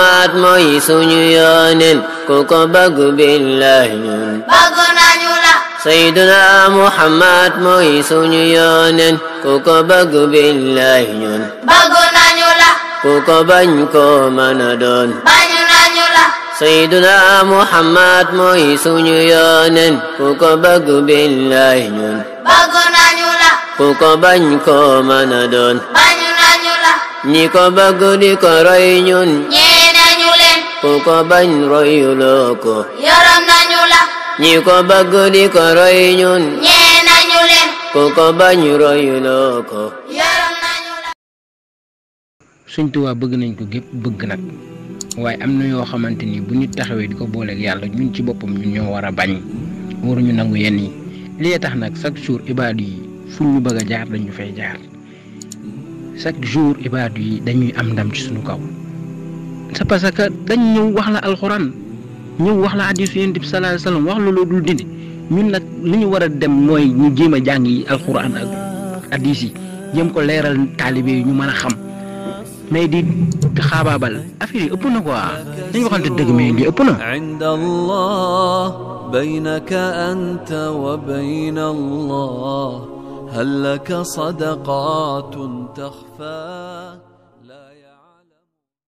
Muhammad mooy suñu yonent ku ko bëgg billahi ñun bëgg nañu la Sayyiduna Muhammad mooy suñu yonent ku ko bëgg billahi ñun bëgg nañu la ku ko bañ ko mën a doon bañ nañu la Sayyiduna Muhammad mooy suñu yonent ku ko bëgg billahi ñun bëgg nañu la ku ko bañ ko mën a doon bañ nañu la ñi ko bëgg di ko roy ñun ku ko bañ royuloo ko yorom bëgg nañu ko nañ ko gépp bëgg nag waaye am na yoo xamante ni bu ñu taxawee di ko booleek yàlla ñun ci boppam ñun ñoo war a bañ waruñu nangu yenn yi lii tax nag chaque jour ibaadu yi fu ñu bëgg a jaar dañu fay jaar chaque jour ibaadu yi dañuy am ndam ci suñu kaw c'est parce que dañ ñëw wax la alxuraan ñëw wax la hadis yonent bi sallallahu alayhi wasallam wax la loo dul dindi ñun nag li ñu war a dem mooy ñu jéem a jàng yi alxuraan ak hadis yi jéem ko leeral taalibe yi ñu mën a xam mais di xaabaabal affaire yi ëpp na quoi dañ waxante dëgg mais li ëpp na عند الله بينك أنت وبين الله هل لك صدقات تخفى لا يعلم